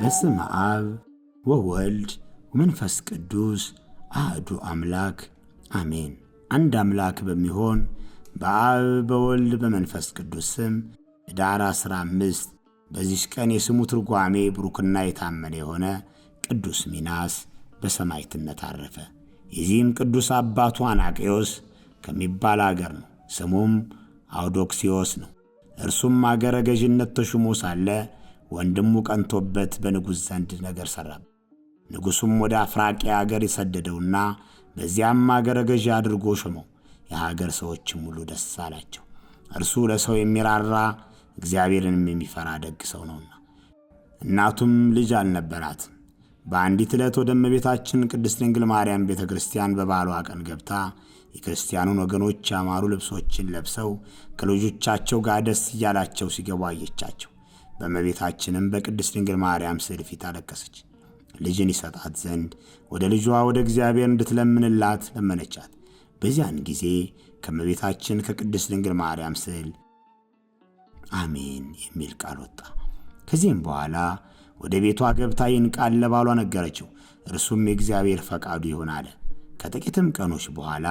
በስመ አብ ወወልድ ወመንፈስ ቅዱስ አህዱ አምላክ አሜን። አንድ አምላክ በሚሆን በአብ በወልድ በመንፈስ ቅዱስ ስም ኅዳር 15 በዚች ቀን የስሙ ትርጓሜ ብሩክና የታመነ የሆነ ቅዱስ ሚናስ በሰማዕትነት አረፈ። የዚህም ቅዱስ አባቱ አናቄዎስ ከሚባል አገር ነው። ስሙም አውዶክሲዮስ ነው። እርሱም አገረ ገዥነት ተሹሞ ሳለ ወንድሙ ቀንቶበት በንጉሥ ዘንድ ነገር ሠራ። ንጉሡም ወደ አፍራቂያ አገር የሰደደውና በዚያም አገረ ገዢ አድርጎ ሾመው። የሀገር ሰዎችም ሁሉ ደስ አላቸው። እርሱ ለሰው የሚራራ እግዚአብሔርንም የሚፈራ ደግ ሰው ነውና። እናቱም ልጅ አልነበራትም። በአንዲት ዕለት ወደ እመቤታችን ቅድስት ድንግል ማርያም ቤተ ክርስቲያን በባሏ ቀን ገብታ የክርስቲያኑን ወገኖች ያማሩ ልብሶችን ለብሰው ከልጆቻቸው ጋር ደስ እያላቸው ሲገቡ አየቻቸው። በእመቤታችንም በቅድስት ድንግል ማርያም ስዕል ፊት አለቀሰች። ልጅን ይሰጣት ዘንድ ወደ ልጇ ወደ እግዚአብሔር እንድትለምንላት ለመነቻት። በዚያን ጊዜ ከእመቤታችን ከቅድስት ድንግል ማርያም ስዕል አሜን የሚል ቃል ወጣ። ከዚህም በኋላ ወደ ቤቷ ገብታ ይህን ቃል ለባሏ ነገረችው። እርሱም የእግዚአብሔር ፈቃዱ ይሆን አለ። ከጥቂትም ቀኖች በኋላ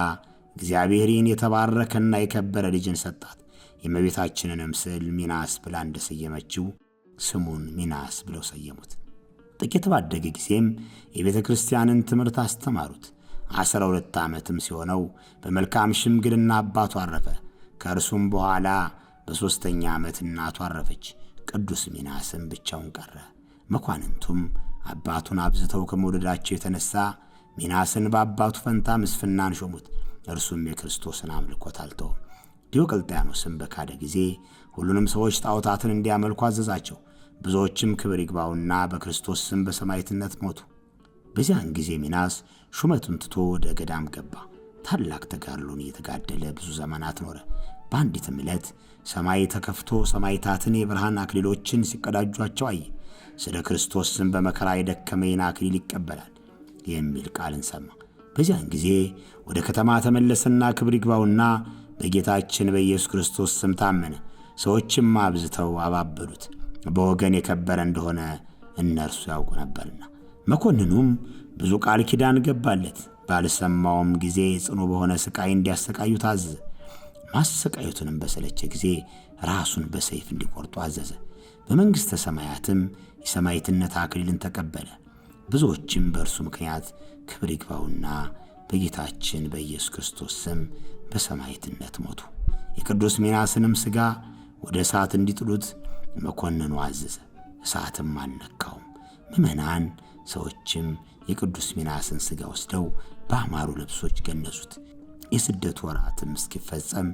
እግዚአብሔርን የተባረከና የከበረ ልጅን ሰጣት። የእመቤታችንንም ስዕል ሚናስ ብላ እንደሰየመችው ስሙን ሚናስ ብለው ሰየሙት። ጥቂት ባደገ ጊዜም የቤተ ክርስቲያንን ትምህርት አስተማሩት። ዐሥራ ሁለት ዓመትም ሲሆነው በመልካም ሽምግልና አባቱ አረፈ። ከእርሱም በኋላ በሦስተኛ ዓመት እናቱ አረፈች። ቅዱስ ሚናስም ብቻውን ቀረ። መኳንንቱም አባቱን አብዝተው ከመውደዳቸው የተነሳ ሚናስን በአባቱ ፈንታ ምስፍናን ሾሙት። እርሱም የክርስቶስን አምልኮት አልተወም። ዲዮቅልጥያኖስም በካደ ጊዜ ሁሉንም ሰዎች ጣዖታትን እንዲያመልኩ አዘዛቸው። ብዙዎችም ክብር ይግባውና በክርስቶስ ስም በሰማዕትነት ሞቱ። በዚያን ጊዜ ሚናስ ሹመቱን ትቶ ወደ ገዳም ገባ። ታላቅ ተጋድሎን እየተጋደለ ብዙ ዘመናት ኖረ። በአንዲትም ዕለት ሰማይ ተከፍቶ ሰማዕታትን የብርሃን አክሊሎችን ሲቀዳጇቸው አየ። ስለ ክርስቶስም በመከራ የደከመ አክሊል ይቀበላል የሚል ቃልን ሰማ። በዚያን ጊዜ ወደ ከተማ ተመለሰና ክብር ይግባውና በጌታችን በኢየሱስ ክርስቶስ ስም ታመነ። ሰዎችም አብዝተው አባበሉት፣ በወገን የከበረ እንደሆነ እነርሱ ያውቁ ነበርና። መኮንኑም ብዙ ቃል ኪዳን ገባለት። ባልሰማውም ጊዜ ጽኑ በሆነ ስቃይ እንዲያሰቃዩ ታዘዘ። ማሰቃየቱንም በሰለቸ ጊዜ ራሱን በሰይፍ እንዲቆርጡ አዘዘ። በመንግሥተ ሰማያትም የሰማዕትነት አክሊልን ተቀበለ። ብዙዎችም በእርሱ ምክንያት ክብር ይግባውና በጌታችን በኢየሱስ ክርስቶስ ስም በሰማዕትነት ሞቱ። የቅዱስ ሚናስንም ሥጋ ወደ እሳት እንዲጥሉት መኮንኑ አዘዘ። እሳትም አልነካውም። ምዕመናን ሰዎችም የቅዱስ ሚናስን ሥጋ ወስደው በአማሩ ልብሶች ገነዙት። የስደት ወራትም እስኪፈጸም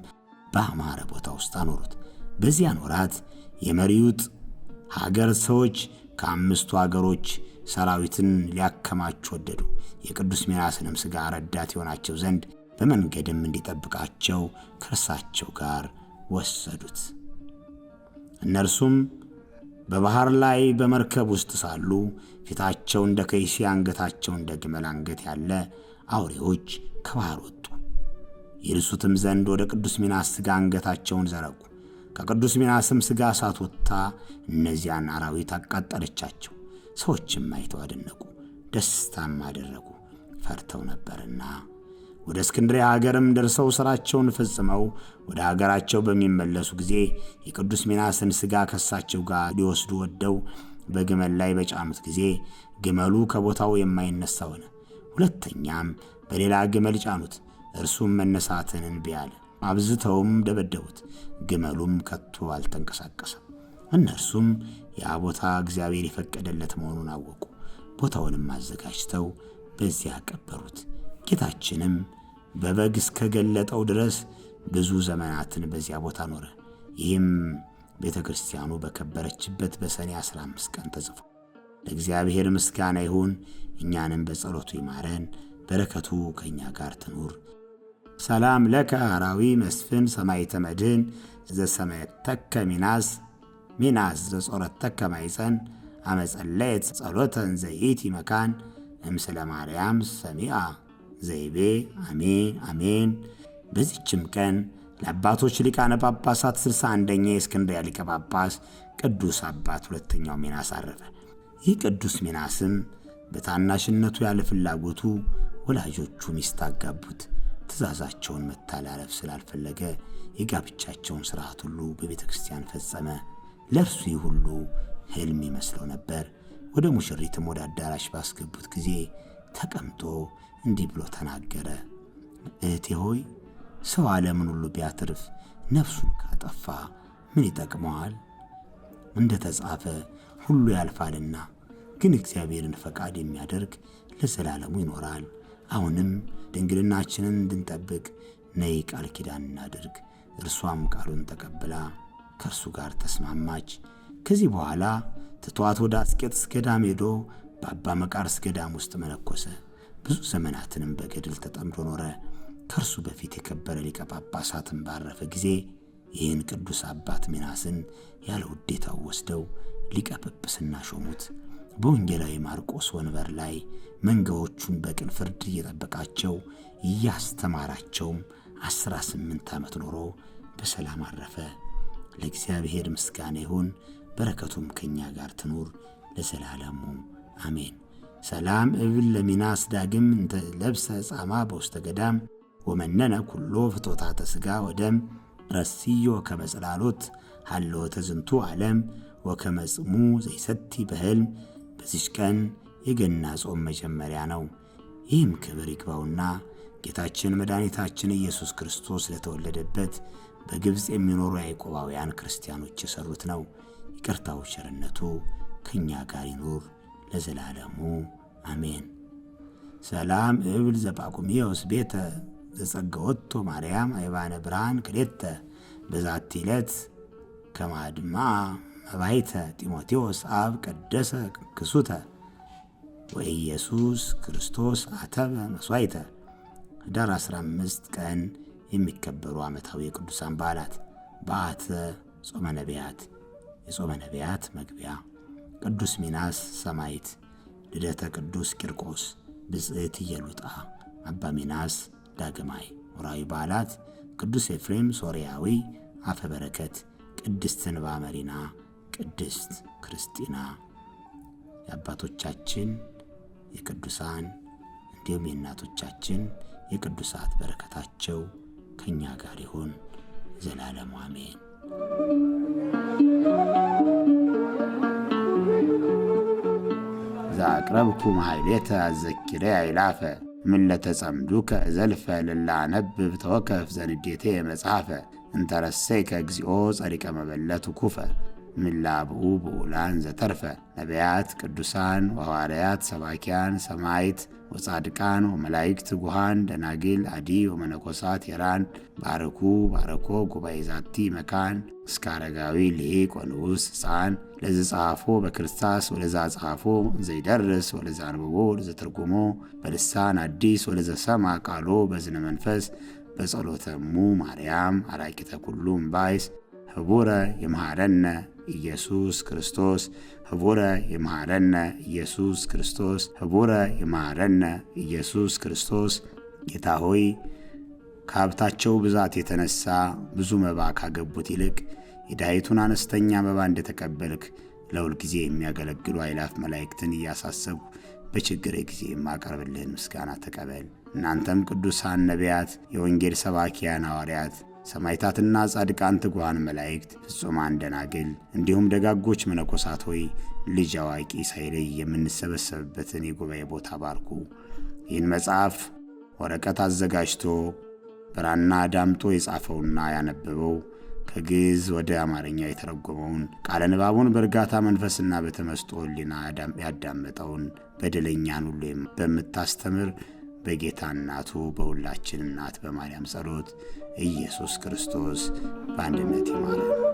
በአማረ ቦታ ውስጥ አኖሩት። በዚያን ወራት የመሪዩጥ ሀገር ሰዎች ከአምስቱ አገሮች ሰራዊትን ሊያከማች ወደዱ። የቅዱስ ሚናስንም ሥጋ ረዳት የሆናቸው ዘንድ በመንገድም እንዲጠብቃቸው ከእርሳቸው ጋር ወሰዱት። እነርሱም በባሕር ላይ በመርከብ ውስጥ ሳሉ ፊታቸው እንደ ከይሲ አንገታቸው እንደ ግመል አንገት ያለ አውሬዎች ከባሕር ወጡ። ይርሱትም ዘንድ ወደ ቅዱስ ሚናስ ሥጋ አንገታቸውን ዘረጉ። ከቅዱስ ሚናስም ሥጋ እሳት ወጥታ እነዚያን አራዊት አቃጠለቻቸው። ሰዎችም አይተው አደነቁ፣ ደስታም አደረጉ፣ ፈርተው ነበርና። ወደ እስክንድሪያ ሀገርም ደርሰው ሥራቸውን ፈጽመው ወደ አገራቸው በሚመለሱ ጊዜ የቅዱስ ሚናስን ሥጋ ከሳቸው ጋር ሊወስዱ ወደው በግመል ላይ በጫኑት ጊዜ ግመሉ ከቦታው የማይነሳ ሆነ። ሁለተኛም በሌላ ግመል ጫኑት፣ እርሱም መነሳትን እምቢ አለ። አብዝተውም ደበደቡት። ግመሉም ከቶ አልተንቀሳቀሰም። እነርሱም ያ ቦታ እግዚአብሔር የፈቀደለት መሆኑን አወቁ። ቦታውንም አዘጋጅተው በዚያ ቀበሩት። ጌታችንም በበግ እስከገለጠው ድረስ ብዙ ዘመናትን በዚያ ቦታ ኖረ። ይህም ቤተ ክርስቲያኑ በከበረችበት በሰኔ 15 ቀን ተጽፏል። ለእግዚአብሔር ምስጋና ይሁን፣ እኛንም በጸሎቱ ይማረን፣ በረከቱ ከእኛ ጋር ትኑር ሰላም ለከ አራዊ መስፍን ሰማይተ መድህን ተከ ሚናስ ሚናስ ዘጾረት ተከ ማይፀን አመጸለየት ጸሎተን ዘይቲ መካን እምስለ ማርያም ሰሚአ ዘይቤ አሜን አሜን። በዚችም ቀን ለአባቶች ሊቃነ ጳጳሳት ስልሳ አንደኛ የእስክንድርያ ሊቀ ጳጳስ ቅዱስ አባት ሁለተኛው ሚናስ አረፈ። ይህ ቅዱስ ሚናስም በታናሽነቱ ያለ ፍላጎቱ ወላጆቹ ሚስት አጋቡት። ትእዛዛቸውን መተላለፍ ስላልፈለገ የጋብቻቸውን ሥርዓት ሁሉ በቤተ ክርስቲያን ፈጸመ። ለእርሱ ይህ ሁሉ ሕልም ይመስለው ነበር። ወደ ሙሽሪትም ወደ አዳራሽ ባስገቡት ጊዜ ተቀምጦ እንዲህ ብሎ ተናገረ። እህቴ ሆይ ሰው ዓለምን ሁሉ ቢያትርፍ ነፍሱን ካጠፋ ምን ይጠቅመዋል? እንደ ተጻፈ ሁሉ ያልፋልና፣ ግን እግዚአብሔርን ፈቃድ የሚያደርግ ለዘላለሙ ይኖራል። አሁንም ድንግልናችንን እንድንጠብቅ ነይ ቃል ኪዳን እናድርግ። እርሷም ቃሉን ተቀብላ ከእርሱ ጋር ተስማማች። ከዚህ በኋላ ትቷት ወደ አስቄጥስ ገዳም ሄዶ በአባ መቃርስ ገዳም ውስጥ መነኮሰ። ብዙ ዘመናትንም በገድል ተጠምዶ ኖረ። ከእርሱ በፊት የከበረ ሊቀ ጳጳሳትን ባረፈ ጊዜ ይህን ቅዱስ አባት ሚናስን ያለ ውዴታው ወስደው ሊቀ ጵጵስና ሾሙት። በወንጌላዊ ማርቆስ ወንበር ላይ መንጋዎቹን በቅን ፍርድ እየጠበቃቸው እያስተማራቸውም አስራ ስምንት ዓመት ኖሮ በሰላም አረፈ። ለእግዚአብሔር ምስጋና ይሁን፣ በረከቱም ከእኛ ጋር ትኑር ለዘላለሙ አሜን። ሰላም እብል ለሚናስ ዳግም ለብሰ ጻማ በውስተ ገዳም ወመነነ ኩሎ ፍቶታተ ሥጋ ወደም ረስዮ ከመጽላሎት ሀለወተ ዝንቱ ዓለም ወከመጽሙ ዘይሰቲ በህልም በዚች ቀን የገና ጾም መጀመሪያ ነው። ይህም ክብር ይግባውና ጌታችን መድኃኒታችን ኢየሱስ ክርስቶስ ለተወለደበት በግብፅ የሚኖሩ ያዕቆባውያን ክርስቲያኖች የሠሩት ነው። ይቅርታው ቸርነቱ ከእኛ ጋር ይኑር ለዘላለሙ አሜን። ሰላም እብል ዘጳቁሚዎስ ቤተ ዘጸገወቶ ማርያም አይባነ ብርሃን ክሌተ በዛቲ ዕለት ከማድማ መባይተ ጢሞቴዎስ አብ ቀደሰ ክሱተ ወኢየሱስ ክርስቶስ አተበ መስዋይተ። ህዳር 15 ቀን የሚከበሩ ዓመታዊ የቅዱሳን በዓላት በአተ ጾመ ነቢያት የጾመ ነቢያት መግቢያ፣ ቅዱስ ሚናስ ሰማይት፣ ልደተ ቅዱስ ቂርቆስ፣ ብጽዕት እየሉጣ፣ አባ ሚናስ ዳግማይ። ወርሃዊ በዓላት ቅዱስ ኤፍሬም ሶርያዊ አፈ በረከት፣ ቅድስት እንባ መሪና ቅድስት ክርስቲና የአባቶቻችን የቅዱሳን እንዲሁም የእናቶቻችን የቅዱሳት በረከታቸው ከእኛ ጋር ይሁን ዘላለሙ አሜን። ዘአቅረብኩ ማኅሌተ አዘኪሬ አይላፈ ምለተ ጸምዱከ ዘልፈ ልላነብብ ተወከፍ ዘንዴቴ መጽሐፈ እንተረሰይ ከእግዚኦ ጸሪቀ መበለት ኩፈ ምላብኡ ብዑላን ዘተርፈ ነቢያት፣ ቅዱሳን ወሐዋርያት፣ ሰባኪያን፣ ሰማይት ወጻድቃን ወመላይክት ጉሃን ደናግል አዲ ወመነኮሳት የራን ባርኩ ባረኮ ጉባኤ ዛቲ መካን እስከ አረጋዊ ልሂቅ ወንዑስ ሕፃን ለዝ በክርስታስ ወለዛ ጸሐፎ ዘይደርስ ወለዛ አንብቦ ወለዘ በልሳን አዲስ ወለዘሰማ ቃሎ በዝነ መንፈስ በጸሎተሙ ማርያም አራቂተ ኩሉም ባይስ ህቡረ ይምሃረነ ኢየሱስ ክርስቶስ ህቡረ ይምሃረነ ኢየሱስ ክርስቶስ ህቡረ ይምሃረነ ኢየሱስ ክርስቶስ። ጌታ ሆይ ከሀብታቸው ብዛት የተነሳ ብዙ መባ ካገቡት ይልቅ የዳይቱን አነስተኛ መባ እንደተቀበልክ ለሁል ጊዜ የሚያገለግሉ አይላፍ መላእክትን እያሳሰቡ በችግር ጊዜ የማቀርብልህን ምስጋና ተቀበል። እናንተም ቅዱሳን ነቢያት፣ የወንጌል ሰባኪያን ሐዋርያት ሰማይታትና ጻድቃን ትጉሃን መላእክት ፍጹማን ደናግል እንዲሁም ደጋጎች መነኮሳት ሆይ ልጅ አዋቂ ሳይለይ የምንሰበሰብበትን የጉባኤ ቦታ ባርኩ። ይህን መጽሐፍ ወረቀት አዘጋጅቶ ብራና ዳምጦ የጻፈውና ያነበበው ከግዕዝ ወደ አማርኛ የተረጎመውን ቃለ ንባቡን በእርጋታ መንፈስና በተመስጦ ሕሊና ያዳመጠውን በደለኛን ሁሉ በምታስተምር በጌታ እናቱ በሁላችን እናት በማርያም ጸሎት ኢየሱስ ክርስቶስ በአንድነት ይማረን።